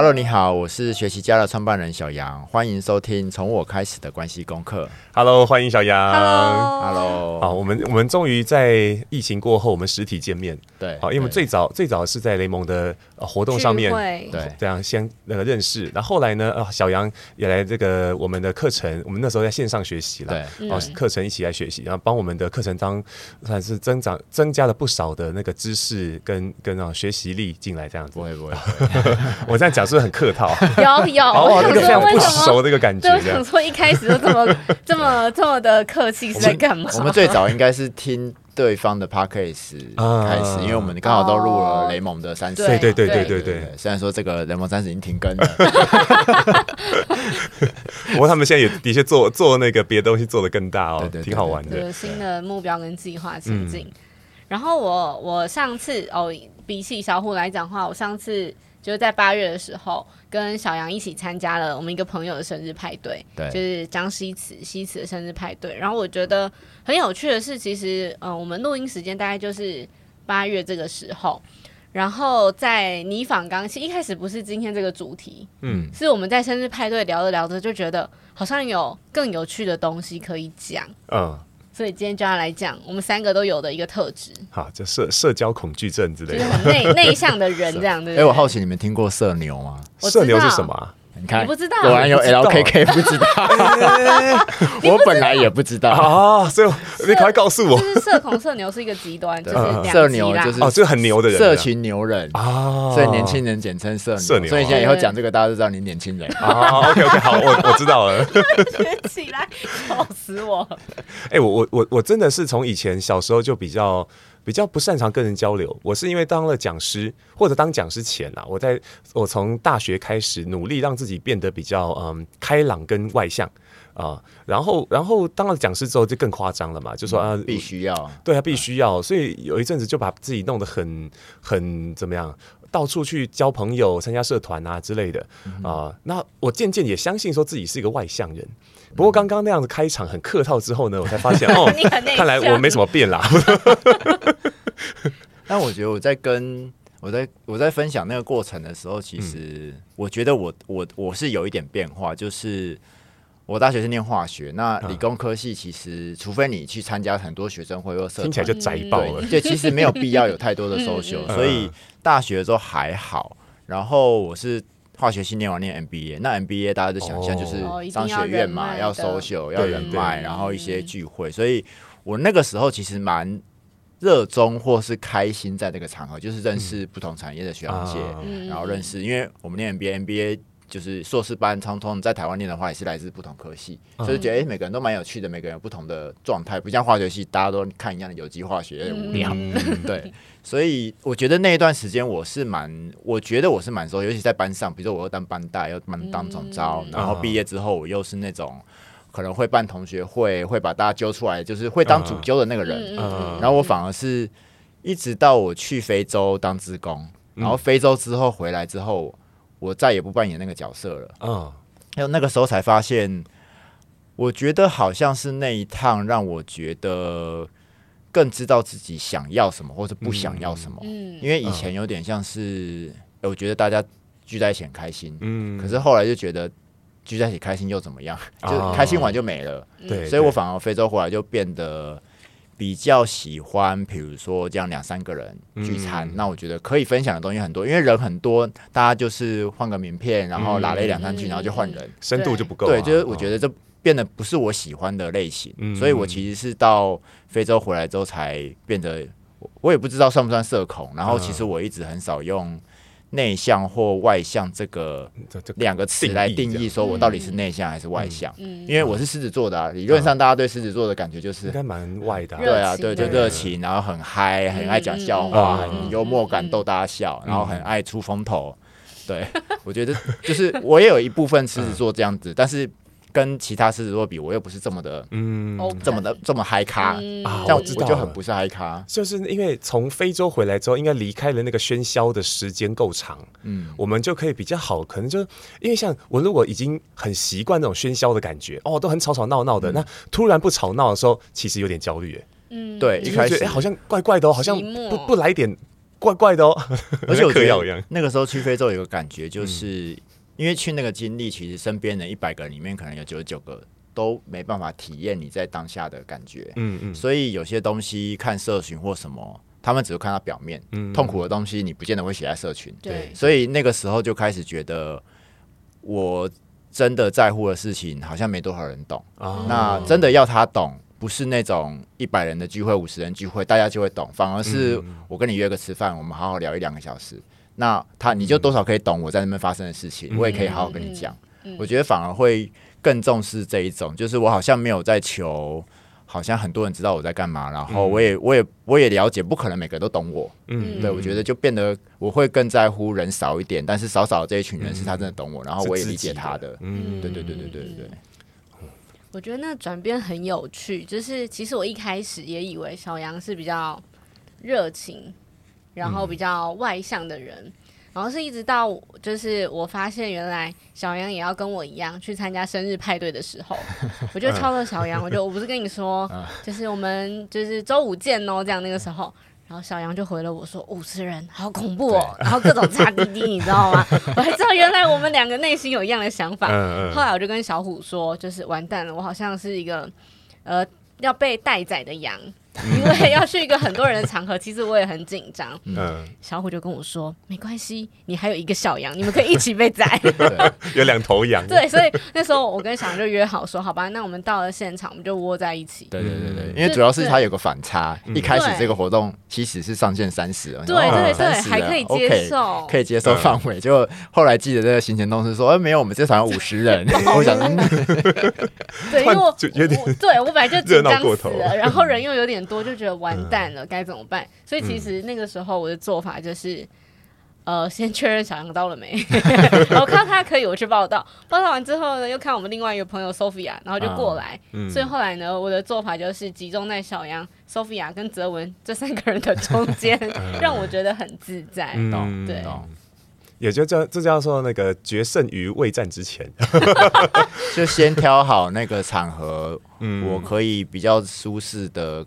Hello，你好，我是學習家的創辦人小羊，歡迎收聽從我開始的關係功課。Hello，歡迎小羊。Hello，Hello Hello.、啊。我們我們終於在疫情過後，我們實體見面。對，好、啊，因為我們最早對最早是在雷蒙的、啊、活動上面，尾對，這樣先那個、呃、認識，然後後來呢，啊，小羊也來這個我們的課程，我們那時候在線上學習了，對，哦、啊，課、嗯、程一起來學習，然後幫我們的課程當算是增長增加了不少的那個知識跟跟那、啊、種學習力進來這樣子。不會不會， 我這樣講。是不是很客套，有我 有，好哇，這個不熟的一個感覺。對，想說一開始就這麼這麼這麼的客氣是在幹嘛，我？我們最早應該是聽對方的 podcast 開始，嗯、因為我們剛好都錄了雷蒙的 30,、哦《三十對對對對對對。對對對對雖然說這個雷蒙三十已經停更了，不過 他們現在也的確做做那個別的東西做的更大哦，對對對對挺好玩的。對對對對就是，新的目標跟計劃前進。嗯、然後我我上次哦，比起小虎來講話，我上次。就在八月的時候，跟小楊一起參加了我們一個朋友的生日派對，對，就是張西祠西祠的生日派對。然後我覺得很有趣的是，其實嗯、呃，我們錄音時間大概就是八月這個時候，然後在你訪綱，一開始不是今天這個主題，嗯，是我們在生日派對聊着聊着就覺得好像有更有趣的東西可以講，嗯。所以今天就要來講，我們三個都有的一個特質，好、啊，就社社交恐懼症之類的，就是很內內 向的人這樣的。哎是，我好奇你們聽過社牛嗎？社牛是什麼啊？你不知道，果然有 L K K 不知道，我本來也不知道啊，所以你快告訴我，社恐社牛是一個極端。社牛就是哦，這個很牛的人，社群牛人哦，所以年輕人簡稱社牛，所以現在以後講這個，大家都知道你年輕人哦 OK, OK，好，我我知道了，學起來，笑死我，哎，我我我我真的是從以前小時候就比較。比較不擅長跟人交流，我是因為當了講師或者當講師前啊，我在我從大學開始努力讓自己變得比較嗯開朗跟外向啊，然後然後當了講師之後就更誇張了嘛，就說啊必須要對啊必須要，嗯，所以有一陣子就把自己弄得很很怎麼樣。到處去交朋友，參加社團啊之類的啊，嗯哼呃，那我漸漸也相信說自己是一個外向人。嗯、不過剛剛那樣子開場很客套之後呢，我才發現 哦，你看來我沒什麼變啦。 但我覺得我在跟我在我在分享那個過程的時候，其實我覺得我我我是有一點變化，就是。我大學是念化學，那理工科系其實，除非你去參加很多學生會或者社團，聽起來就宅爆了。對， 其實沒有必要有太多的收 l、 嗯、所以大學的時候還好。然後我是化學系念完念 MBA，那 MBA 大家就想象就是商學院嘛，要收 l 要人脈，然後一些聚會。嗯、所以我那個時候其實蠻熱衷或是開心在那個場合，就是認識不同產業的學長姐，嗯、然後認識，嗯、因為我們念 MBA，MBA。就是碩士班，通通在台灣念的話，也是來自不同科系，就是、嗯、覺得、欸、每個人都蠻有趣的，每個人有不同的狀態，不像化學系大家都看一樣的有機化學無聊。嗯、對，所以我覺得那一段時間我是蠻，我覺得我是蠻多，尤其在班上，比如說我又當班代，又蠻當總召，嗯、然後畢業之後我又是那種可能會辦同學會，會把大家揪出來，就是會當主揪的那個人。嗯、然後我反而是，一直到我去非洲當志工，然後非洲之後回來之後。嗯我再也不扮演那個角色了。嗯，還有那個時候才發現，我覺得好像是那一趟讓我覺得更知道自己想要什麼，或者不想要什麼。嗯，因為以前有點像是，我覺得大家聚在一起很開心，嗯，可是後來就覺得聚在一起開心又怎麼樣？就開心完就沒了。對，所以我反而非洲回來就變得。比較喜歡，比如說這樣兩三個人聚餐，嗯、那我覺得可以分享的東西很多，因為人很多，大家就是換個名片，然後拉了一兩三句，嗯、然後就換人，嗯，深度就不夠啊。對，就是我覺得這變得不是我喜歡的類型，哦、所以我其實是到非洲回來之後才變得，我也不知道算不算社恐，然後其實我一直很少用。內向或外向這個兩個詞來定義，說我到底是內向還是外向？嗯、因為我是獅子座的啊，嗯、理論上大家對獅子座的感覺就是應該蠻外的、啊，對啊，對，就熱情，對然後很嗨、嗯，很愛講笑話，嗯嗯、很幽默感，逗大家笑，嗯、然後很愛出風頭。嗯、對，我覺得就是我也有一部分獅子座這樣子， 但是。跟其他獅子座比，我又不是這麼的，嗯 Okay.，這麼的這麼嗨咖，但、啊、我知道，就很不是嗨咖。嗯、就是因為從非洲回來之後，應該離開了那個喧囂的時間夠長，嗯，我們就可以比較好，可能就因為像我如果已經很習慣那種喧囂的感覺，哦，都很吵吵鬧鬧的，對那突然不吵鬧的時候，其實有點焦慮，嗯，對，就就覺得一開始、欸、好像怪怪的、哦，好像不末不來一點怪怪的、哦，而且我覺得那個時候去非洲有個感覺就是。嗯因為去那個經歷，其實身邊的一百個人裡面，可能有九十九個都沒辦法體驗你在當下的感覺。嗯嗯。嗯，所以有些東西看社群或什麼，他們只會看到表面。嗯、痛苦的東西你不見得會寫在社群。對。所以那個時候就開始覺得，我真的在乎的事情好像沒多少人懂。哦、那真的要他懂，不是那種一百人的聚會、五十人聚會，大家就會懂。反而是我跟你約個吃飯，嗯、我們好好聊一兩個小時。那他你就多少可以懂我在那邊發生的事情，我也可以好好跟你講。我覺得反而會更重視這一種，就是我好像沒有在求，好像很多人知道我在幹嘛，然後我也我也我也了解，不可能每個人都懂我。嗯，對，我覺得就變得我會更在乎人少一點，但是少少這一群人是他真的懂我，然後我也理解他的。嗯，對對對對對對對。我覺得那個轉變很有趣，就是其實我一開始也以為小羊是比較熱情。然後比較外向的人，嗯、然後是一直到就是我發現原來小羊也要跟我一樣去參加生日派對的時候， 我就超了小羊， 我就 我不是跟你說， 就是我們就是週五見哦，這樣那個時候，然後小羊就回了我說五十、 哦、人好恐怖哦，對然後各種擦滴滴，你知道嗎？ 我還知道原來我們兩個內心有一樣的想法， 後來我就跟小虎說，就是完蛋了，我好像是一個呃要被待宰的羊。因為要去一個很多人的場合，其實我也很緊張。嗯，小虎就跟我說：“沒關係，你還有一個小羊，你們可以一起被宰。”有兩頭羊。對，所以那時候我跟小羊就約好說：“好吧，那我們到了現場，我們就窩在一起。”對對對，因為主要是他有個反差。一開始這個活動其實是上限三十而已。對對對，還可以接受，可以接受範圍。結果後來記得這個行前通知說：“哎，沒有，我們這團五十人。”對，因為我有點，對我本來就緊張過頭了，然後人又有點。多就覺得完蛋了，該、嗯、怎麼辦？所以其實那個時候我的做法就是，嗯、呃，先確認小羊到了沒？ 哦、我看他可以，我去報到。報到完之後呢，又看我們另外一個朋友 Sophia，然後就過來。啊嗯、所以後來呢，我的做法就是集中在小羊、Sophia 跟澤文這三個人的中間，嗯、讓我覺得很自在。嗯、對、嗯嗯，也就叫這叫做那個決勝於未戰之前， 就先挑好那個場合，嗯、我可以比較舒適的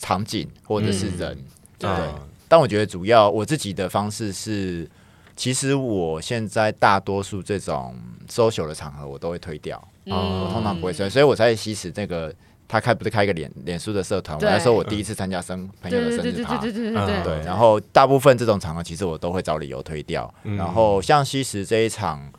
場景或者是人，對不、嗯、對？嗯、但我覺得主要我自己的方式是，其實我現在大多數這種 social 的場合我都會推掉，嗯、我通常不會推，所以我才吸食那個他開不是開一個臉臉書的社團，對我那時候我第一次參加生朋友的生日趴，對對對對對對，、嗯、對。然後大部分這種場合其實我都會找理由推掉。嗯、然後像吸食這一場。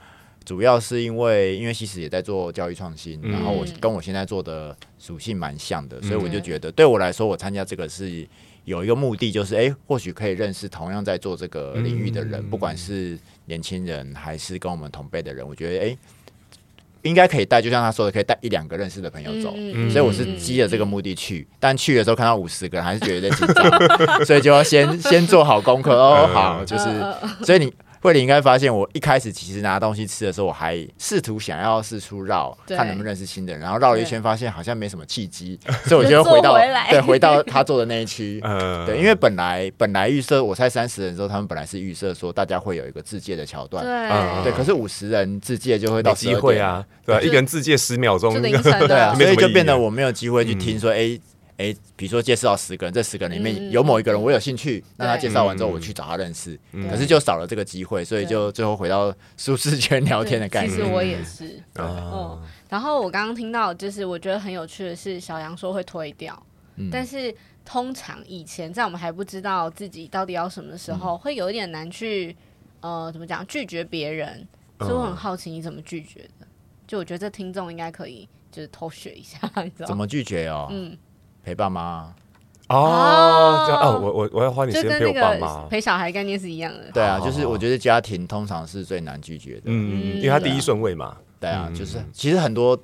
主要是因為，因為其實也在做教育創新，然後我跟我現在做的屬性蠻像的，嗯、所以我就覺得、嗯、對我來說，我參加這個是有一個目的，就是哎、欸，或許可以認識同樣在做這個領域的人，嗯、不管是年輕人還是跟我們同輩的人，我覺得哎、欸，應該可以帶，就像他說的，可以帶一兩個認識的朋友走，嗯、所以我是基了這個目的去，但去的時候看到五十個人，還是覺得有點緊張， 所以就要先先做好功課哦，呃、好，就是，呃、所以你。慧玲應該發現，我一開始其實拿東西吃的時候，我還試圖想要四處繞，看能不能認識新的人。然後繞了一圈，發現好像沒什麼契機，所以我就得回到對，回到他坐的那一區。對，因為本來本來預設我猜三十人的時候，他們本來是預設說大家會有一個自介的橋段，對，可是五十人自介就會到機會啊，對，一個人自介十秒鐘，對啊，所以就變得我沒有機會去聽說哎，比如說介紹到十個人，這十個人裡面有某一個人，我有興趣，那他介紹完之後，我去找他認識，可是就少了這個機會，所以就最後回到舒適圈聊天的概念。其實我也是，哦。然後我剛剛聽到，就是我覺得很有趣的是，小羊說會推掉，但是通常以前在我們還不知道自己到底要什麼的時候，會有一點難去，呃，怎麼講拒絕別人？所以我很好奇你怎麼拒絕的？就我覺得這聽眾應該可以就是偷學一下，你知道怎麼拒絕哦？嗯。陪爸媽、哦哦，這樣。哦，我我我要花你時間陪我爸媽，跟陪小孩概念是一樣的。對啊，就是我覺得家庭通常是最難拒絕的，嗯嗯、哦哦哦、嗯，因為他第一順位嘛。對啊。對啊，就是其實很多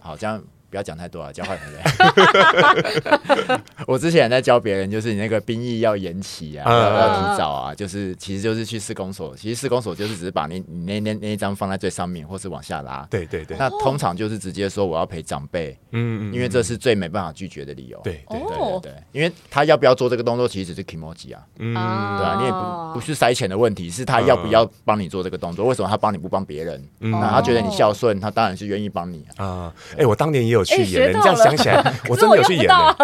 好像。不要講太多了，教壞我之前也在教別人，就是你那個兵役要延期啊，要提早啊，就是其實就是去市公所。其實市公所就是只是把那那那那一張放在最上面，或是往下拉。對對對，那通常就是直接說我要陪長輩，嗯嗯，因為這是最沒辦法拒絕的理由。對對對對，因為他要不要做這個動作，其實是 Kimochi 啊，嗯，對啊，你也不不是塞錢的問題，是他要不要幫你做這個動作？為什麼他幫你不幫別人？那他覺得你孝順，他當然是願意幫你啊。哎，我當年也有。去演了，欸、學到了你這樣想起來，我真的有去演的，啊，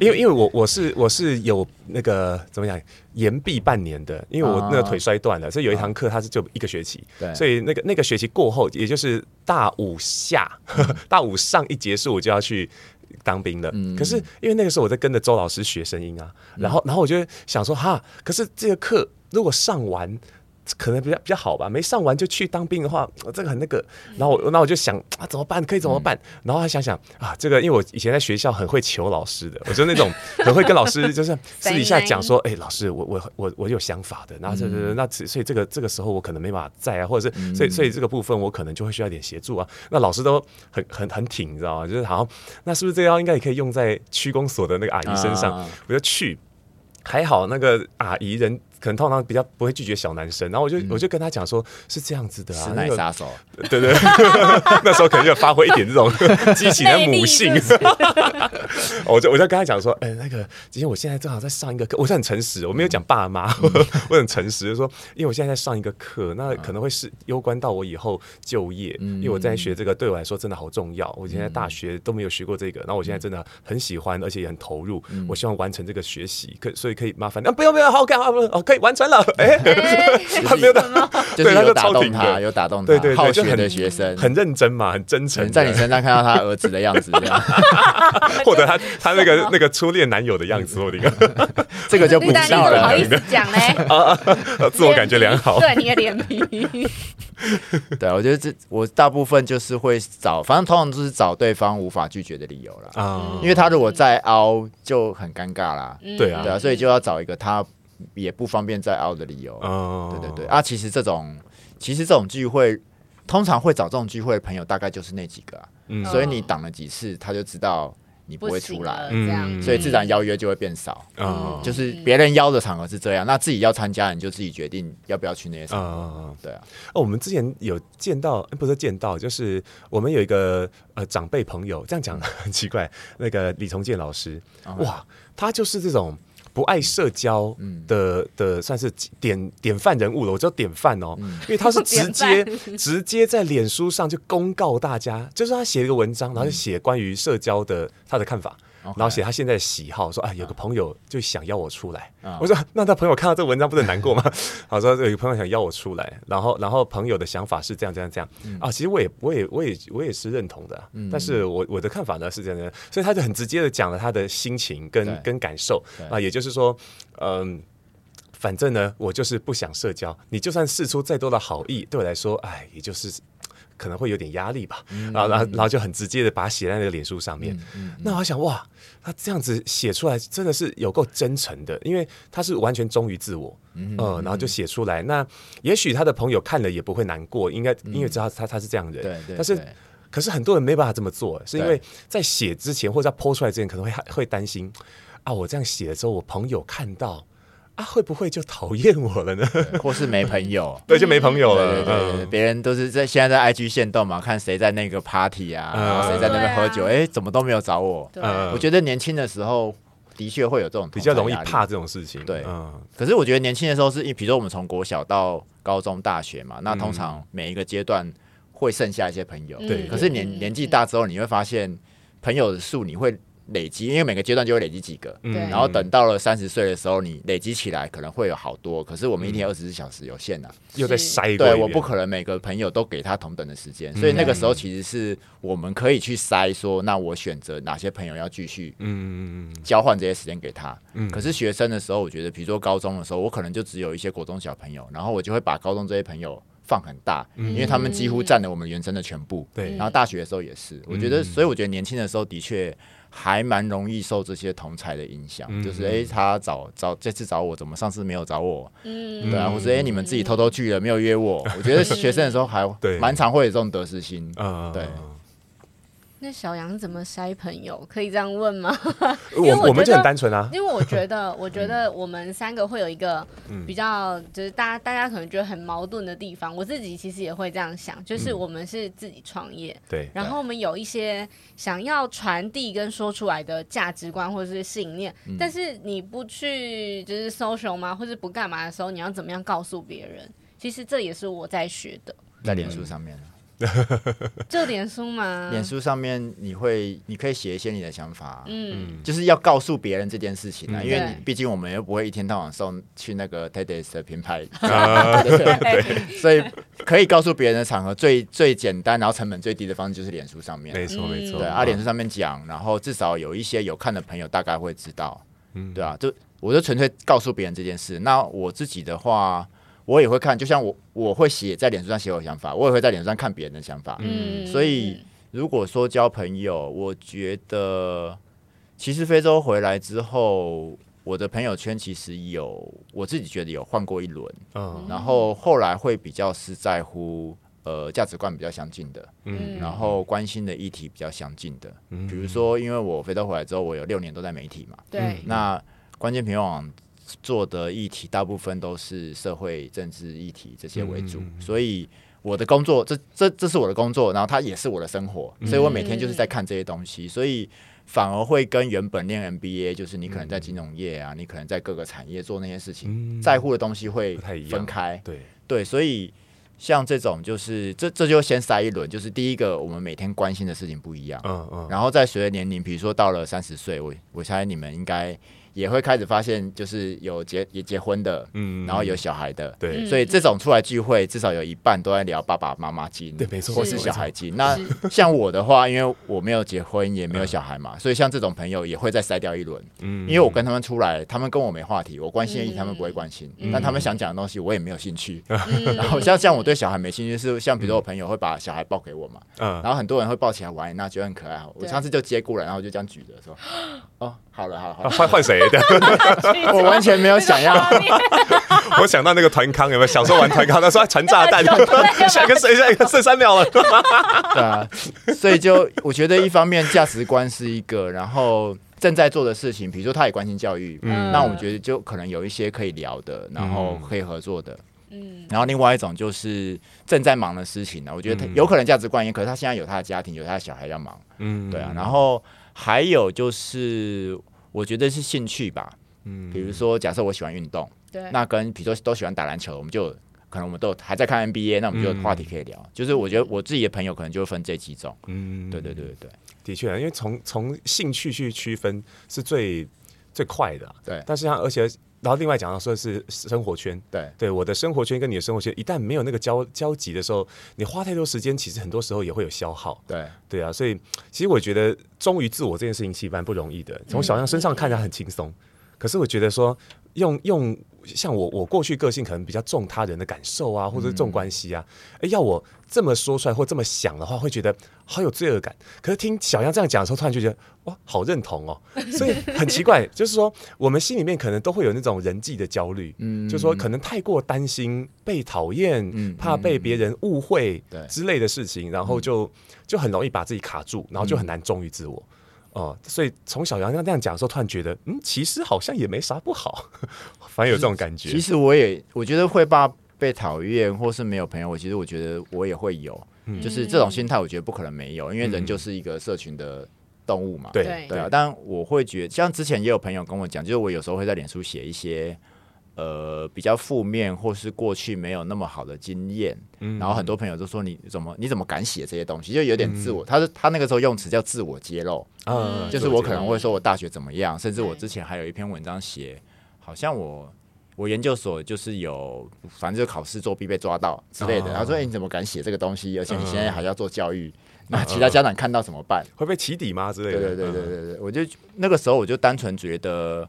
因為因為我我是我是有那個怎麼講延畢半年的，因為我那個腿摔斷了。哦，所以有一堂課它是就一個學期，哦，所以那個那個學期過後，也就是大五下呵呵大五上一結束我就要去當兵了，嗯，可是，因為那個時候我在跟着周老師學聲音啊，然後然後我就想說哈，可是，這個課如果上完。可能比較比較好吧，沒上完就去當兵的話，這個很那個。然後我，那我就想啊，怎麼辦？可以怎麼辦？嗯、然後還想想啊，這個因為我以前在學校很會求老師的，嗯、我就那種很會跟老師就是私底下講說，哎、 欸，老師，我我我我有想法的。那這、就是、嗯、那所以這個這個時候我可能沒法在啊，或者是所以所以這個部分我可能就會需要點協助啊。嗯、那老師都很很很挺，你知道嗎？就是好，那是不是這個應該也可以用在區公所的那個阿姨身上？啊、我就去，還好那個阿姨人。可能通常比較不會拒絕小男生，然後我就我就跟他講說，是這樣子的啊，死奶殺手，對對，那時候可能就發揮一點這種激情的母性，我就我就跟他講說，哎，那個，其實我現在正好在上一個課，我是很誠實，我沒有講爸媽，我我很誠實，就是說，因為我現在在上一個課，那可能會是攸關到我以後就業，因為我在學這個對我來說真的好重要，我現在大學都沒有學過這個，然後我現在真的很喜歡，而且也很投入，我希望完成這個學習，可所以可以麻煩，啊，不用不用，好好幹，好不，完成了，哎，他沒有打，就是有打動他，有打動他，對對對，好學的學生，很認真嘛，很真誠，在你身上看到他兒子的樣子，或者他他那個那個初戀男友的樣子，我這個這個就不知道了，好意思講嘞，自我感覺良好，對你的臉皮，對，我覺得這我大部分就是會找，反正通常都是找對方無法拒絕的理由了啊，因為他如果再凹就很尷尬啦，對啊，對啊，所以就要找一個他。也不方便再凹的理由，oh. 對對對。啊，其實這種其實這種聚會，通常會找這種聚會的朋友，大概就是那幾個、啊。嗯，所以你擋了幾次，他就知道你不會出來，這樣，所以自然邀約就會變少。啊、嗯，嗯、就是別人邀的場合是這樣，oh. 那自己要參加，你就自己決定要不要去那些場合。Oh. 對啊。哦，我們之前有見到、哎，不是見到，就是我們有一個呃長輩朋友，這樣講很奇怪。那個李崇建老師，oh. 哇，他就是這種。不愛社交的、嗯、的，的算是典典範人物了，我叫典範哦，嗯、因為他是直接典範，直接在臉書上就公告大家，就是他寫一個文章，然後就寫關於社交的他的看法。Okay. 然後寫他現在的喜好，說啊，有個朋友就想要我出來，啊、我說那他朋友看到這文章不是很難過嗎？好說有一個朋友想要我出來，然後然後朋友的想法是這樣這樣這樣，嗯、啊，其實我也我也我也我也是認同的，嗯、但是我我的看法呢是這樣，這樣。所以他就很直接的講了他的心情跟對跟感受啊，也就是說，嗯、呃，反正呢我就是不想社交，你就算釋出再多的好意，對我來說，哎，也就是。可能會有點壓力吧，嗯、然後然後然後就很直接的把它寫在那個臉書上面。嗯嗯、那我想，哇，他這樣子寫出來真的是有夠真誠的，因為他是完全忠於自我，嗯，呃、嗯然後就寫出來。嗯、那也許他的朋友看了也不會難過，應該、嗯、因為知道他他是這樣的人。嗯、但是，可是很多人沒辦法這麼做，是因為在寫之前對或者在 po 出來之前，可能會會擔心啊，我這樣寫的時候，我朋友看到。他會不會就討厭我了呢？或是沒朋友？對，就沒朋友了。別人都是在現在在 IG 限動嘛，看誰在那個 party 啊，然後誰在那邊喝酒，哎，怎麼都沒有找我。我覺得年輕的時候的確會有這種比較容易怕這種事情。對，可是我覺得年輕的時候是一，比如說我們從國小到高中、大學嘛，那通常每一個階段會剩下一些朋友。對，可是年年紀大之後，你會發現朋友的數你會。累積，因為每個階段就會累積幾個，嗯、然後等到了三十歲的時候，你累積起來可能會有好多。可是我們一天二十四小時有限的、啊，嗯、又在篩。對，我不可能每個朋友都給他同等的時間，嗯、所以那個時候其實是我們可以去篩，說、嗯、那我選擇哪些朋友要繼續，嗯交換這些時間給他。嗯、可是學生的時候，我覺得，比如說高中的時候，我可能就只有一些國中小朋友，然後我就會把高中這些朋友放很大，嗯、因為他們幾乎佔了我們原生的全部。嗯、對，然後大學的時候也是，嗯、我覺得，所以我覺得年輕的時候的確。還蠻容易受這些同儕的影響，嗯、哼就是哎、欸，他找找這次找我，怎麼上次沒有找我？嗯、對啊，或者哎、欸，你們自己偷偷去了，嗯、沒有約我。我覺得學生的時候還蠻常會有這種得失心。嗯，對。嗯對那小羊怎麼篩朋友？可以這樣問嗎？ 我、呃、我，我們這很單純啊。 因為我覺得，我覺得我們三個會有一個比較，就是大家、嗯、大家可能覺得很矛盾的地方。我自己其實也會這樣想，就是我們是自己創業，嗯、對，然後我們有一些想要傳遞跟說出來的價值觀或者是信念，嗯、但是你不去就是 social 嗎？或者不幹嘛的時候，你要怎麼樣告訴別人？其實這也是我在學的，在臉書上面。嗯就 臉書嘛？臉書上面你會，你可以寫一些你的想法，嗯，就是要告訴別人這件事情啊，嗯、因為你對畢竟我們又不會一天到晚送去那個 TEDx 的品牌，啊、對,對，對對所以可以告訴別人的場合最最簡單，然後成本最低的方式就是臉書上面、啊沒，沒錯沒錯，對啊，嗯、臉書上面講，然後至少有一些有看的朋友大概會知道，嗯，對啊，就我就純粹告訴別人這件事，那我自己的話。我也會看，就像我我會寫在臉書上寫我想法，我也會在臉書上看別人的想法。嗯，所以如果說交朋友，我覺得其實非洲回來之後，我的朋友圈其實有我自己覺得有換過一輪。嗯、哦，然後後來會比較是在乎呃價值觀比較相近的，嗯，然後關心的議題比較相近的，嗯，比如說因為我非洲回來之後，我有六年都在媒體嘛，對、嗯，那關鍵評論網。做的議題大部分都是社會政治議題這些為主，嗯，所以我的工作這這這是我的工作，然後它也是我的生活，嗯，所以我每天就是在看這些東西，嗯，所以反而會跟原本念 MBA 就是你可能在金融業啊，嗯，你可能在各個產業做那些事情，嗯，在乎的東西會分開，對對，所以像這種就是這這就先塞一輪，就是第一個我們每天關心的事情不一樣，嗯嗯，嗯然後再隨着年齡，比如說到了三十歲，我我猜你們應該。也會開始發現，就是有結也結婚的，嗯，然後有小孩的，對，所以這種出來聚會，至少有一半都在聊爸爸媽媽經，對，沒錯，或是小孩經。那像我的話，因為我沒有結婚，也沒有小孩嘛，所以像這種朋友也會再篩掉一輪，因為我跟他們出來，他們跟我沒話題，我關心的意義他們不會關心，但他們想講的東西我也沒有興趣。然後像像我對小孩沒興趣，是像比如說我朋友會把小孩抱給我嘛，然後很多人會抱起來玩，那覺得很可愛，我上次就接過來，然後我就這樣舉着說。哦，好了，好了，換換誰？我完全沒有想要。 我想到那個團康，有沒有小 時候玩團康？他說傳炸彈，下一個剩剩剩三秒了。對 啊、呃，所以就我覺得一方面價值觀是一個，然後正在做的事情，比如說他也關心教育，嗯、那我們覺得就可能有一些可以聊的，然後可以合作的。嗯、然後另外一種就是正在忙的事情呢，我覺得他有可能價值觀也，嗯、可是他現在有他的家庭，有他的小孩在忙。嗯，對啊，然後。還有就是，我覺得是興趣吧，嗯，比如說，假設我喜歡運動，嗯，對，那跟比如說都喜歡打籃球，我們就可能我們都還在看 NBA，那我們就話題可以聊。嗯，就是我覺得我自己的朋友可能就分這幾種，嗯，對對對對，的確，因為從從興趣去區分是最最快的啊，對。但是像而且。然後另外講到說是生活圈，對對，我的生活圈跟你的生活圈一旦沒有那個交交集的時候，你花太多時間，其實很多時候也會有消耗。對對啊，所以其實我覺得忠於自我這件事情其實蠻不容易的。從小羊身上看起來很輕鬆，嗯、可是我覺得說用用。用像我，我過去個性可能比較重他人的感受啊，或者是重關係啊。哎、嗯欸，要我這麼說出來或這麼想的話，會覺得好有罪惡感。可是聽小羊這樣講的時候，突然就覺得哇，好認同哦。所以很奇怪， 就是說我們心裡面可能都會有那種人際的焦慮，嗯，就說可能太過擔心被討厭，嗯、怕被別人誤會之類的事情，嗯、然後就就很容易把自己卡住，然後就很難忠於自我。嗯。哦，所以從小羊剛那樣講的時候，突然覺得，嗯，其實好像也沒啥不好，反正有這種感覺。其實我也，我覺得會怕被討厭或是沒有朋友。我其實我覺得我也會有，嗯、就是這種心態，我覺得不可能沒有，因為人就是一個社群的動物嘛。嗯、對對啊，但我會覺得，像之前也有朋友跟我講，就是我有時候會在臉書寫一些。呃，比較負面，或是過去沒有那麼好的經驗，嗯、然後很多朋友都說你怎麼你怎麼敢寫這些東西，就有點自我。嗯、他是他那個時候用詞叫自我揭露，嗯，就是我可能會說我大學怎麼樣，甚至我之前還有一篇文章寫，好像我我研究所就是有，反正就考試作弊被抓到之類的。他、啊、說，哎、欸，你怎麼敢寫這個東西？而且你現在還要做教育，啊、那其他家長看到怎麼辦？啊、會被起底嗎？之類的。對對對對對，啊、我就那個時候我就單純覺得，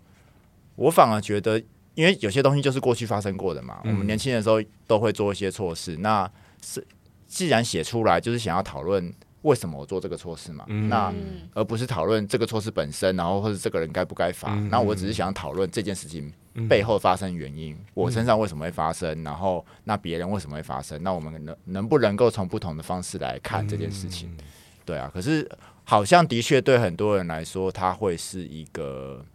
我反而覺得。因為有些東西就是過去發生過的嘛。我們年輕的時候都會做一些錯事。那是既然寫出來，就是想要討論為什麼我做這個錯事嘛。那而不是討論這個錯事本身，然後或者這個人該不該罰。那我只是想討論這件事情背後發生原因，我身上為什麼會發生，然後那別人為什麼會發生，那我們能能不能夠從不同的方式來看這件事情？對啊，可是好像的確對很多人來說，它會是一個，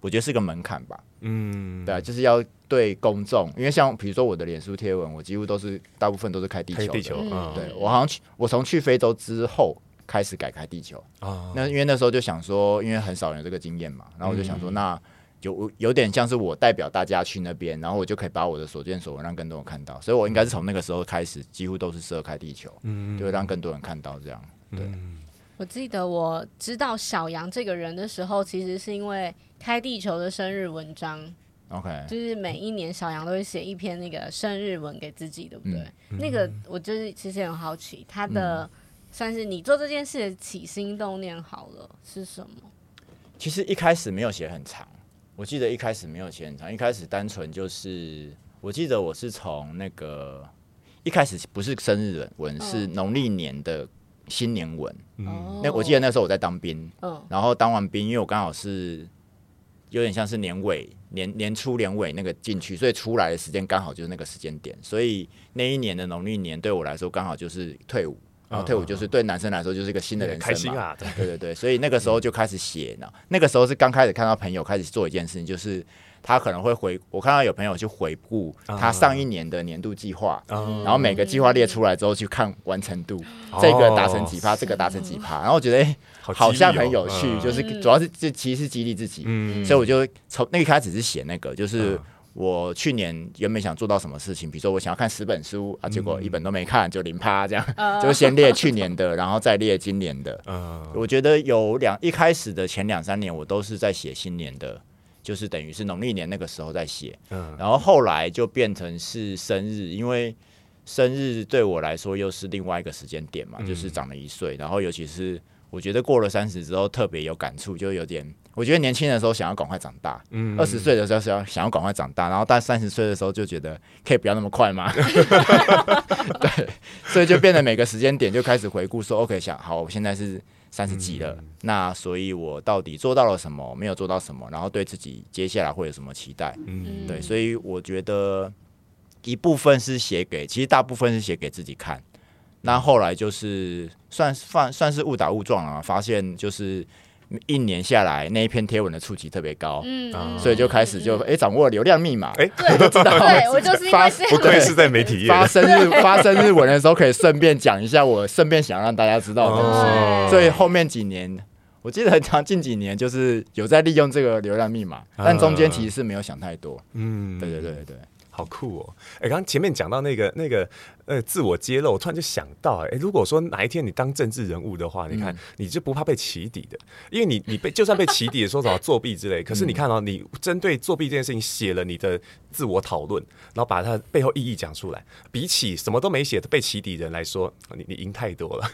我覺得是一個門檻吧。嗯，對啊，就是要對公眾，因為像比如說我的臉書貼文，我幾乎都是大部分都是開地球，開地球，嗯、對我好像去，我從去非洲之後開始改開地球、哦、那因為那時候就想說，因為很少人有這個經驗嘛，然後我就想說，嗯、那就有點像是我代表大家去那邊，然後我就可以把我的所見所聞讓更多人看到，所以我應該是從那個時候開始，幾乎都是設開地球，嗯，就會讓更多人看到這樣，對。嗯嗯我記得我知道小羊這個人的時候，其實是因為開地球的生日文章。OK，就是每一年小羊都會寫一篇那個生日文給自己，對不對？嗯、那個我就是其實很好奇，他的算是你做這件事起心動念好了、嗯、是什麼？其實一開始沒有寫很長，我記得一開始沒有寫很長，一開始單純就是，我記得我是從那個一開始不是生日文，文、嗯、是農曆年的。新年文，嗯、那我記得那時候我在當兵，嗯、然後當完兵，因為我剛好是有點像是年尾年年初年尾那個進去，所以出來的時間剛好就是那個時間點，所以那一年的農曆年對我來說剛好就是退伍，然後退伍就是對男生來說就是一個新的人生嘛，嗯嗯、對、啊、對對對，所以那個時候就開始寫呢，嗯、那個時候是剛開始看到朋友開始做一件事情就是。他可能會回，我看到有朋友去回顧他上一年的年度計劃，然後每個計劃列出來之後去看完成度，這個達成幾趴，這個達成幾趴，然後我覺得好像很有趣，就是主要是這其實是激勵自己，所以我就從那一開始是寫那個，就是我去年原本想做到什麼事情，比如說我想要看十本書啊，結果一本都沒看，就零趴這樣，就先列去年的，然後再列今年的，我覺得有兩一開始的前兩三年我都是在寫新年的。就是等於是農曆年那個時候在寫，然後後來就變成是生日，因為生日對我來說又是另外一個時間點嘛，嗯、就是長了一歲。然後尤其是我覺得過了三十之後特別有感觸，就有點我覺得年輕的時候想要趕快長大，嗯、二十歲的時候要想要趕快長大，然後但三十歲的時候就覺得可以不要那麼快嘛， 對，所以就變得每個時間點就開始回顧說，OK，想好，我現在是。三十幾了，嗯、那所以我到底做到了什麼？沒有做到什麼？然後對自己接下來會有什麼期待？嗯，對，所以我覺得一部分是寫給，其實大部分是寫給自己看。那後來就是算算算是誤打誤撞啊，發現就是。一年下來，那一篇貼文的觸及特別高，嗯，所以就開始就哎、欸，掌握了流量密碼，哎、欸，知道對，我就是發現，不愧是在媒體發生日發生日文的時候，可以順便講一下我順便想讓大家知道的東西，哦、所以後面幾年，我記得很長，近幾年就是有在利用這個流量密碼，但中間其實是沒有想太多，嗯，對對對對對，好酷哦，哎、欸，剛剛前面講到那個那個。呃，自我揭露，我突然就想到、欸，哎，如果說哪一天你當政治人物的話，嗯、你看你就不怕被起底的，因為你你被就算被起底的，說什麼作弊之類，可是你看哦、喔，嗯、你針對作弊這件事情寫了你的自我討論，然後把它背後意義講出來，比起什麼都沒寫的被起底人來說，你你贏太多了。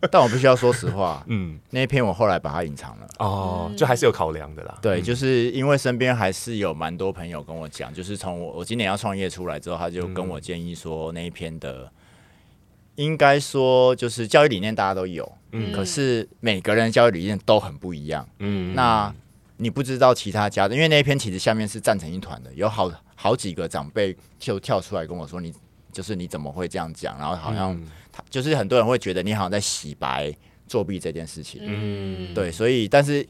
但我必須要說實話，嗯，那一篇我後來把它隱藏了，哦，就還是有考量的啦。嗯、對，就是因為身邊還是有蠻多朋友跟我講，嗯、就是從我我今年要創業出來之後，他就跟我建議說那一篇。的應該說就是教育理念大家都有，嗯、可是每個人的教育理念都很不一樣。嗯，那你不知道其他家的，因為那一篇其實下面是戰成一團的，有好好幾個長輩就跳出來跟我說你：“你就是你怎麼會這樣講？”然後好像他、嗯、就是很多人會覺得你好像在洗白作弊這件事情。嗯，對，所以但是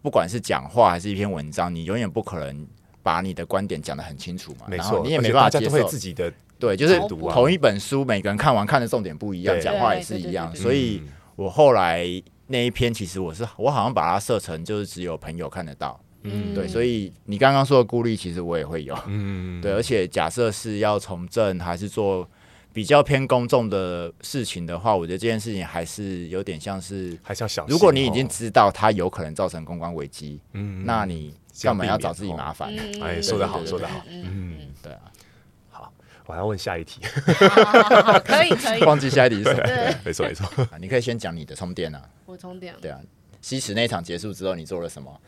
不管是講話還是一篇文章，你永遠不可能把你的觀點講得很清楚嘛。沒錯錯，然後你也沒辦法解釋。自己的。對，就是同一本書，每個人看完看的重點不一樣，講、啊、話也是一樣。對對對對，所以我後來那一篇，其實我是我好像把它設成就是只有朋友看得到。嗯，對。所以你剛剛說的顧慮，其實我也會有。嗯，對。而且假設是要從政還是做比較偏公眾的事情的話，我覺得這件事情還是有點像是還小。如果你已經知道它有可能造成公關危機，嗯，哦、那你幹嘛要找自己麻煩、哦。哎，說得好，說得好。嗯，對啊。我要問下一題，可以可以，忘記下一題是什麼？對，沒錯沒錯，你可以先講你的充電啊。我充電。對啊，西池那一場結束之後你做了什麼？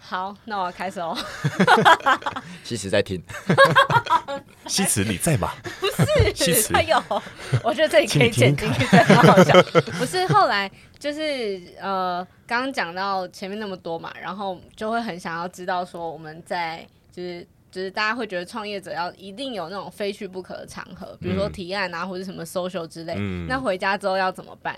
好，那我要開始哦。西池在聽。西池你在嗎？不是，西池有。我覺得這裡可以剪進去，真的很好笑。不是，後來就是呃，剛剛講到前面那麼多嘛，然後就會很想要知道說我們在就是。就是大家會覺得創業者要一定有那種非去不可的場合，比如說提案啊，或者什麼 social 之類。嗯、那回家之後要怎麼辦？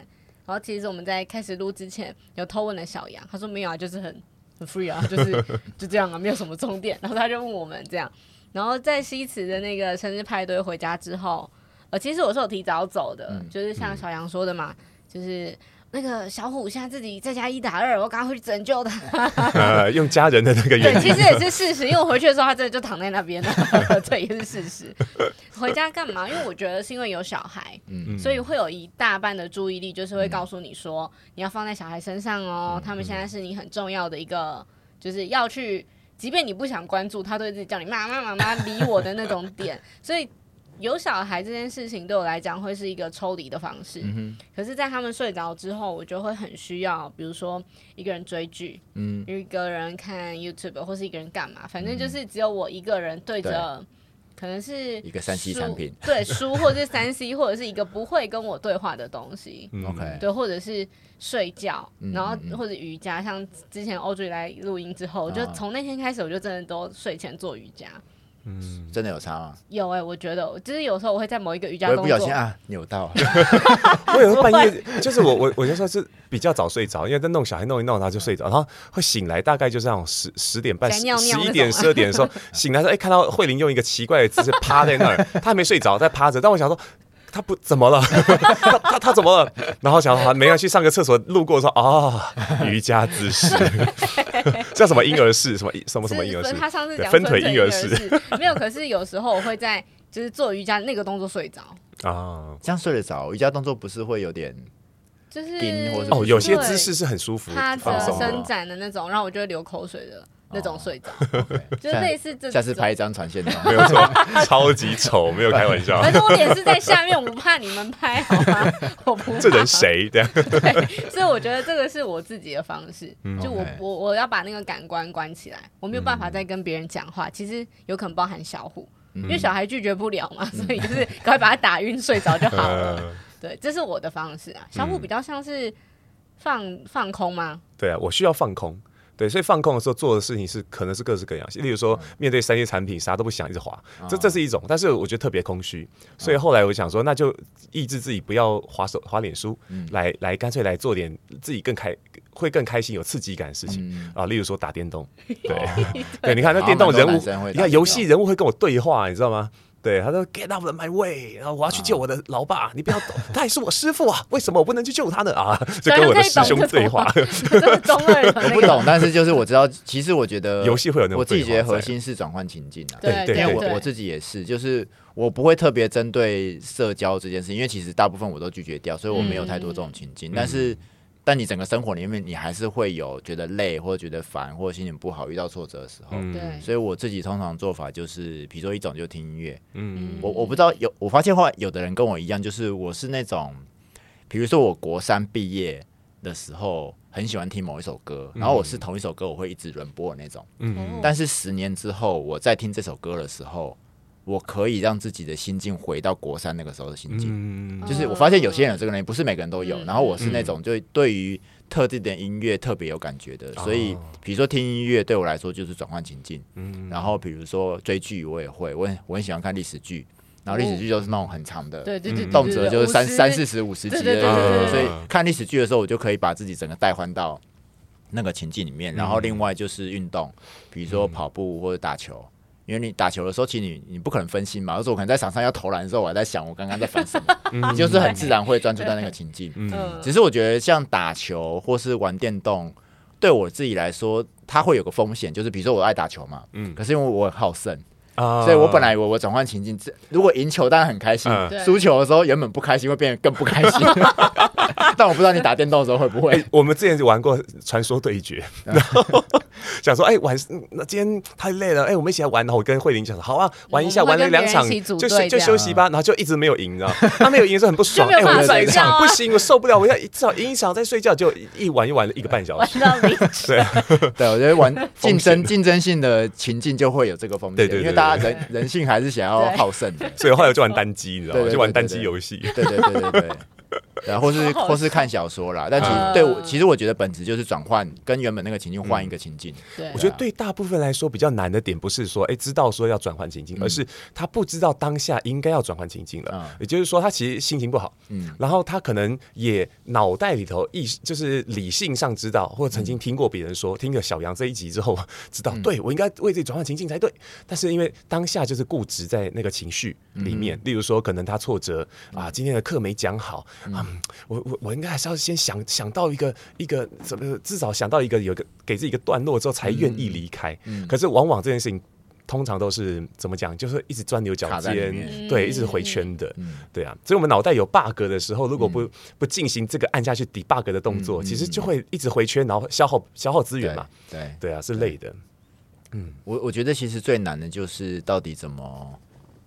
然後其實我們在開始錄之前，有偷問了小羊，他說沒有啊，就是很很 free 啊，就是就這樣啊， 沒有什麼重點。然後他就問我們這樣，然後在西祠的那個生日派對回家之後，呃，其實我是有提早走的，就是像小羊說的嘛，嗯嗯、就是。那個小虎現在自己在家一打二，我趕快回去拯救他、 呃。用家人的那個原因。對，其實也是事實，因為我回去的時候，他真的就躺在那邊。 對，也是事實。回家幹嘛？因為我覺得是因為有小孩，嗯、所以會有一大半的注意力就是會告訴你說，嗯、你要放在小孩身上哦。嗯、他們現在是你很重要的一個，嗯、就是要去，即便你不想關注他，都會自己叫你媽媽媽媽理我的那種點， 所以。有小孩這件事情對我來講會是一個抽離的方式，嗯、哼可是，在他們睡着之後，我就會很需要，比如說一個人追劇，嗯，一個人看 YouTube 或是一個人幹嘛，反正就是只有我一個人對着，可能是一個三 C 產品，對書，或是三 C， 或者是一個不會跟我對話的東西、嗯、OK，對，或者是睡覺，然後或者瑜伽，嗯嗯像之前歐 G 來錄音之後，我就從那天開始，我就真的都睡前做瑜伽。嗯，真的有差嗎？有哎、欸，我覺得，就是有時候我會在某一個瑜伽，不小心啊，扭到。 我有時候半夜， 就是我我我就算是比較早睡着，因為在弄小孩弄一弄，他就睡着，然後會醒來，大概就是那種十十點半尿尿十、十一點、十二點的時候醒來時候，說、欸、哎，看到慧玲用一個奇怪的姿勢趴在那兒， 他還沒睡着，在趴着，但我想說他不怎麼了， 他他，他怎麼了？然後想說他沒有去上個廁所，路過說啊、哦，瑜伽姿勢。 叫什麼嬰兒式？什麼什麼什麼嬰兒式是是是？他上次講分腿嬰兒式，沒有。可是有時候我會在就是做瑜伽那個動作睡着啊，哦、這樣睡得着？瑜伽動作不是會有點就是哦，有些姿勢是很舒服的，趴着伸展的那種，讓我就會流口水的。那種睡着，就類似這種。下次拍一張傳現場，沒有錯，超級醜，沒有開玩笑。重點是在下面，我不怕你們拍，好嗎？我不怕。這人誰這樣？對，所以我覺得這個是我自己的方式。就我我我要把那個感官關起來，我沒有辦法再跟別人講話。其實有可能包含小虎，因為小孩拒絕不了嘛，所以就是趕快把他打暈睡着就好了。對，這是我的方式啊。小虎比較像是放放空嗎？對啊，我需要放空。對，所以放空的時候做的事情是可能是各式各樣的，例如說面對三 A 產品啥都不想，一直滑，哦、這這是一種，但是我覺得特別空虛，哦、所以後來我想說，那就抑制自己不要滑手滑臉書，嗯、來來乾脆來做點自己更開會更開心、有刺激感的事情、嗯、啊，例如說打電動，對對，你看那電動人物，你看遊戲人物會跟我對話、啊，你知道嗎？對，他說 “Get out of my way”，然後我要去救我的老爸，啊、你不要懂，他也是我師父啊， 為什麼我不能去救他呢？啊，就跟我的師兄對話。我不懂， 但是就是我知道，其實我覺得遊戲會有那種，我自己覺得核心是轉換情境啊。對，因為我對對對對，我自己也是，就是我不會特別針對社交這件事，因為其實大部分我都拒絕掉，所以我沒有太多這種情境，嗯、但是，嗯但你整個生活裡面，你還是會有覺得累，或者覺得煩，或者心情不好，遇到挫折的時候。嗯，對。所以我自己通常做法就是，比如說一種就聽音樂。嗯，我我不知道有，我發現話，有的人跟我一樣，就是我是那種，比如說我國三畢業的時候，很喜歡聽某一首歌，嗯，然後我是同一首歌，我會一直輪播的那種。嗯，但是十年之後，我在聽這首歌的時候。我可以讓自己的心境回到國三那個時候的心境，嗯、就是我發現有些人有這個能力，不是每個人都有。嗯、然後我是那種，就對於特定的音樂特別有感覺的，嗯、所以比如說聽音樂對我來說就是轉換情境。嗯，然後比如說追劇，我也會，我很我很喜歡看歷史劇，然後歷史劇就是那種很長的，對對對，動輒就是三、嗯、三四十五十集的，那、嗯、所以看歷史劇的時候，我就可以把自己整個帶換到那個情境裡面。嗯、然後另外就是運動，比如說跑步或者打球，因為你打球的時候，其實你你不可能分心嘛。而、就、且、是、我可能在場上，上要投籃的時候，我還在想我剛剛在煩什麼？ 嗯、就是很自然會專注在那個情境。嗯嗯、只是我覺得像打球或是玩電動，對我自己來說，它會有個風險，就是比如說我愛打球嘛，嗯、可是因為我很好勝、嗯、所以我本來以為我我轉換情境，如果贏球當然很開心，輸、嗯、球的時候原本不開心會變得更不開心。對 但我不知道你打電動的時候會不會？我們之前就玩過傳說對決，然後想說，哎，玩那今天太累了，哎，我們一起來玩。然後我跟慧玲講說，好啊，玩一下，玩了兩場就就休息吧。然後就一直沒有贏，你知道？他沒有贏是很不爽。哎，我們上一場不行，我受不了，我要至少贏一場再睡覺。就一玩一玩了一個半小時。對，我覺得玩競爭競爭性的情境就會有這個風險，因為大家人人性還是想要好勝的，所以後來就玩單機，你知道嗎？就玩單機遊戲。對對對對對。然後是或是看小說啦，但其實對我其實我覺得本質就是轉換，跟原本那個情境換一個情境。嗯、對 我覺得對大部分來說比較難的點不是說哎、欸、知道說要轉換情境，而是他不知道當下應該要轉換情境了。也就是說他其實心情不好，嗯，然後他可能也腦袋裡頭意就是理性上知道，或者曾經聽過別人說，聽個小楊這一集之後知道，對我應該為自己轉換情境才對。但是因為當下就是固執在那個情緒裡面，例如說可能他挫折啊，今天的課沒講好、啊。我我我應該還是要先想想到一個一個怎麼至少想到一個有一個給自己一個段落之後才願意離開。嗯嗯、可是往往這件事情通常都是怎麼講，就是一直鑽牛角尖，對，一直回圈的，嗯、對啊。所以，我們腦袋有 bug 的時候，如果不、嗯、不進行這個按下去 debug 的動作，嗯、其實就會一直回圈，然後消耗消耗資源嘛。對對，對啊，是累的。嗯，我我覺得其實最難的就是到底怎麼。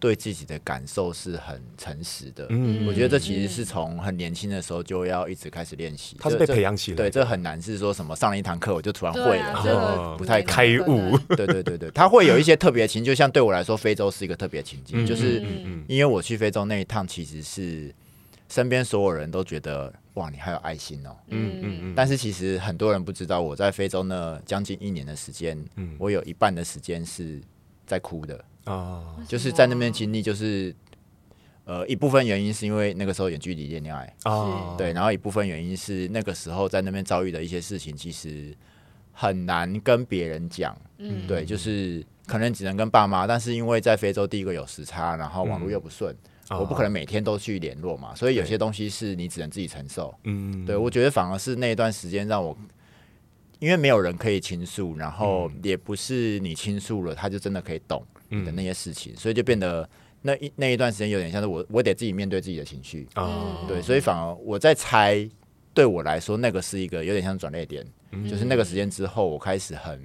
對自己的感受是很誠實的，嗯，我覺得這其實是從很年輕的時候就要一直開始練習。他是被培養起來，對，這很難是說什麼上了一堂課我就突然會了，不太開悟。對對對對，他會有一些特別情，就像對我來說，非洲是一個特別情境，就是因為我去非洲那一趟，其實是身邊所有人都覺得哇，你還有愛心哦，嗯嗯，但是其實很多人不知道，我在非洲那將近一年的時間，嗯，我有一半的時間是在哭的。哦，oh, 就是在那邊經歷，就是呃一部分原因是因為那個時候遠距離談戀愛，哦，oh. 對，然後一部分原因是那個時候在那邊遭遇的一些事情，其實很難跟別人講，嗯，對，就是可能只能跟爸媽，但是因為在非洲第一個有時差，然後網絡又不順，嗯、我不可能每天都去聯絡嘛，oh. 所以有些東西是你只能自己承受，嗯對，對我覺得反而是那一段時間讓我，因為沒有人可以傾訴，然後也不是你傾訴了，他就真的可以懂。的那些事情，嗯、所以就變得那一那一段時間有點像是我，我得自己面對自己的情緒。哦，對，所以反而我在猜，對我來說那個是一個有點像轉捩點，嗯、就是那個時間之後，我開始很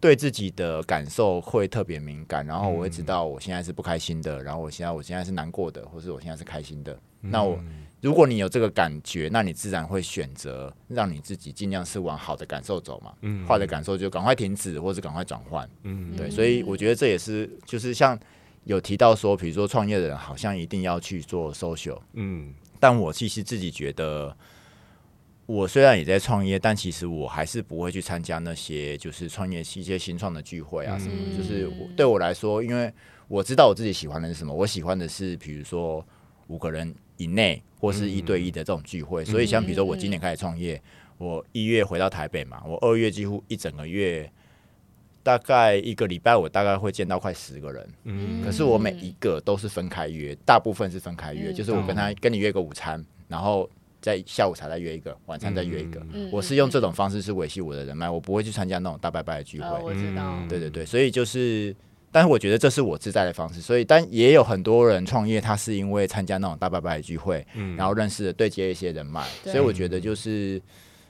對自己的感受會特別敏感，然後我會知道我現在是不開心的，嗯、然後我現在我現在是難過的，或是我現在是開心的，嗯、那我。如果你有這個感覺，那你自然會選擇讓你自己盡量是往好的感受走嘛，嗯嗯，壞的感受就趕快停止或是趕快轉換。嗯嗯，對，所以我覺得這也是就是像有提到說，比如說創業的人好像一定要去做 social，嗯嗯，但我其實自己覺得，我雖然也在創業，但其實我還是不會去參加那些就是創業一些新創的聚會啊什麼。嗯嗯，就是對我來說，因為我知道我自己喜歡的是什麼，我喜歡的是比如說五個人。以內，或是一對一的這種聚會，嗯、所以像比如說我今年開始創業，嗯嗯、我一月回到台北嘛，我二月幾乎一整個月，大概一個禮拜我大概會見到快十個人，嗯、可是我每一個都是分開約，大部分是分開約，嗯、就是我跟他跟你約個午餐，嗯、然後在下午茶再約一個，晚餐再約一個，嗯、我是用這種方式去維繫我的人脈，我不會去參加那種大拜拜的聚會，哦、我知道、對對對，所以就是。但是我覺得這是我自在的方式，所以但也有很多人創業，他是因為參加那種大拜拜的聚會，然後認識了對接一些人脈，所以我覺得就是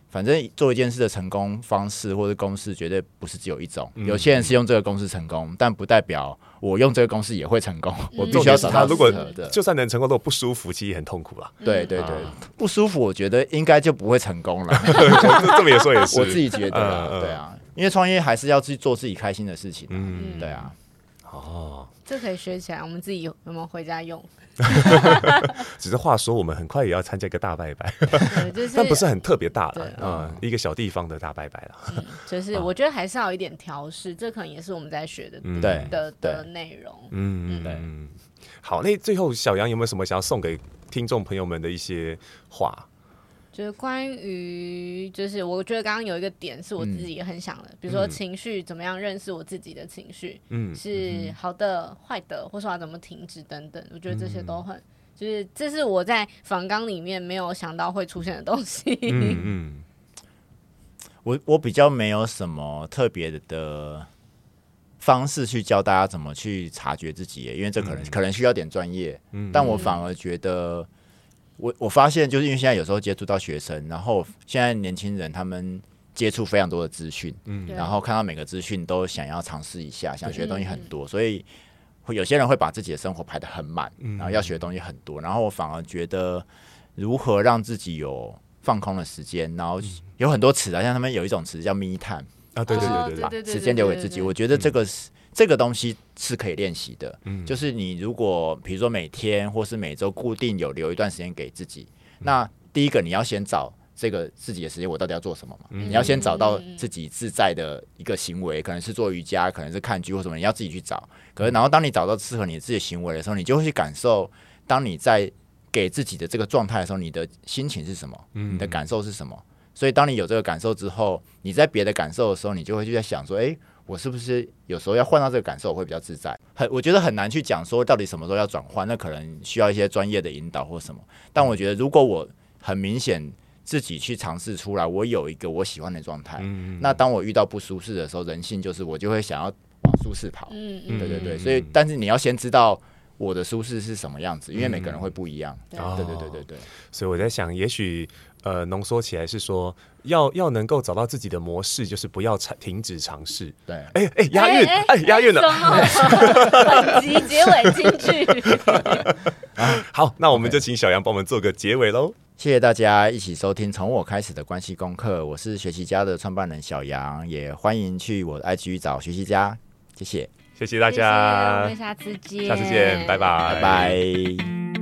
反正做一件事的成功方式或者公式絕對不是只有一種，有些人是用這個公式成功，但不代表我用這個公式也會成功。我必須要找他，如果就算能成功都不舒服，其實也很痛苦了。對對對，不舒服，我覺得應該就不會成功了。這麼也說也是，我自己覺得，對啊，因為創業還是要去做自己開心的事情。嗯，對啊。哦，這可以學起來，我們自己有，我有,有沒有回家用。 只是話說，我們很快也要參加一個大拜拜，就是、但不是很特別大的一個小地方的大拜拜了、嗯。就是、嗯、我覺得還是要有一點調試，這可能也是我們在學的對的的,的內容。嗯嗯對。對嗯對好，那最後小羊有沒有什麼想要送給聽眾朋友們的一些話？就是關於，就是我覺得剛剛有一個點是我自己也很想的，嗯、比如說情緒、嗯、怎麼樣認識我自己的情緒，嗯，是好的、壞的，或者要怎麼停止等等，嗯、我覺得這些都很，就是這是我在訪綱裡面沒有想到會出現的東西。嗯，嗯我我比較沒有什麼特別的方式去教大家怎麼去察覺自己，因為這可能、嗯、可能需要點專業，嗯、但我反而覺得。我我發現就是因為現在有時候接觸到學生，然後現在年輕人他們接觸非常多的資訊，嗯，然後看到每個資訊都想要嘗試一下，對想學的東西很多，嗯、所以有些人會把自己的生活排得很滿，嗯、然後要學的東西很多，然後我反而覺得如何讓自己有放空的時間，然後有很多詞啊，像他們有一種詞叫 Me Time，啊，對對對對對，把時間留給自己，我覺得這個是。嗯這個東西是可以練習的，嗯、就是你如果比如說每天或是每周固定有留一段時間給自己，嗯、那第一個你要先找這個自己的時間，我到底要做什麼嘛？嗯、你要先找到自己自在的一個行為，嗯、可能是做瑜伽，可能是看劇或什麼，你要自己去找。可是然後當你找到適合你自己的行為的時候，你就會去感受，當你在給自己的這個狀態的時候，你的心情是什麼？嗯、你的感受是什麼？所以當你有這個感受之後，你在別的感受的時候，你就會去在想說，哎、欸。我是不是有時候要換到這個感受我會比較自在？很，我覺得很難去講說到底什麼時候要轉換，那可能需要一些專業的引導或什麼。但我覺得，如果我很明顯自己去嘗試出來，我有一個我喜歡的狀態，嗯嗯，那當我遇到不舒適的時候，人性就是我就會想要往舒適跑。嗯嗯，對對對。所以，但是你要先知道。我的舒適是什麼樣子？因為每個人會不一樣。嗯、對對對對對。所以我在想，也許呃，濃縮起來是說，要要能夠找到自己的模式，就是不要嘗停止嘗試。對。哎哎、欸欸、押韻哎、欸、押韻了。欸欸、 本集結尾金句。好，那我們就請小羊幫我們做個結尾嘍。Okay. 謝謝大家一起收聽《從我開始的關係功課》，我是學習家的創辦人小羊，也歡迎去我的 IG 找學習家。謝謝。謝謝大家，謝謝，下次見，下次見，拜拜，拜拜。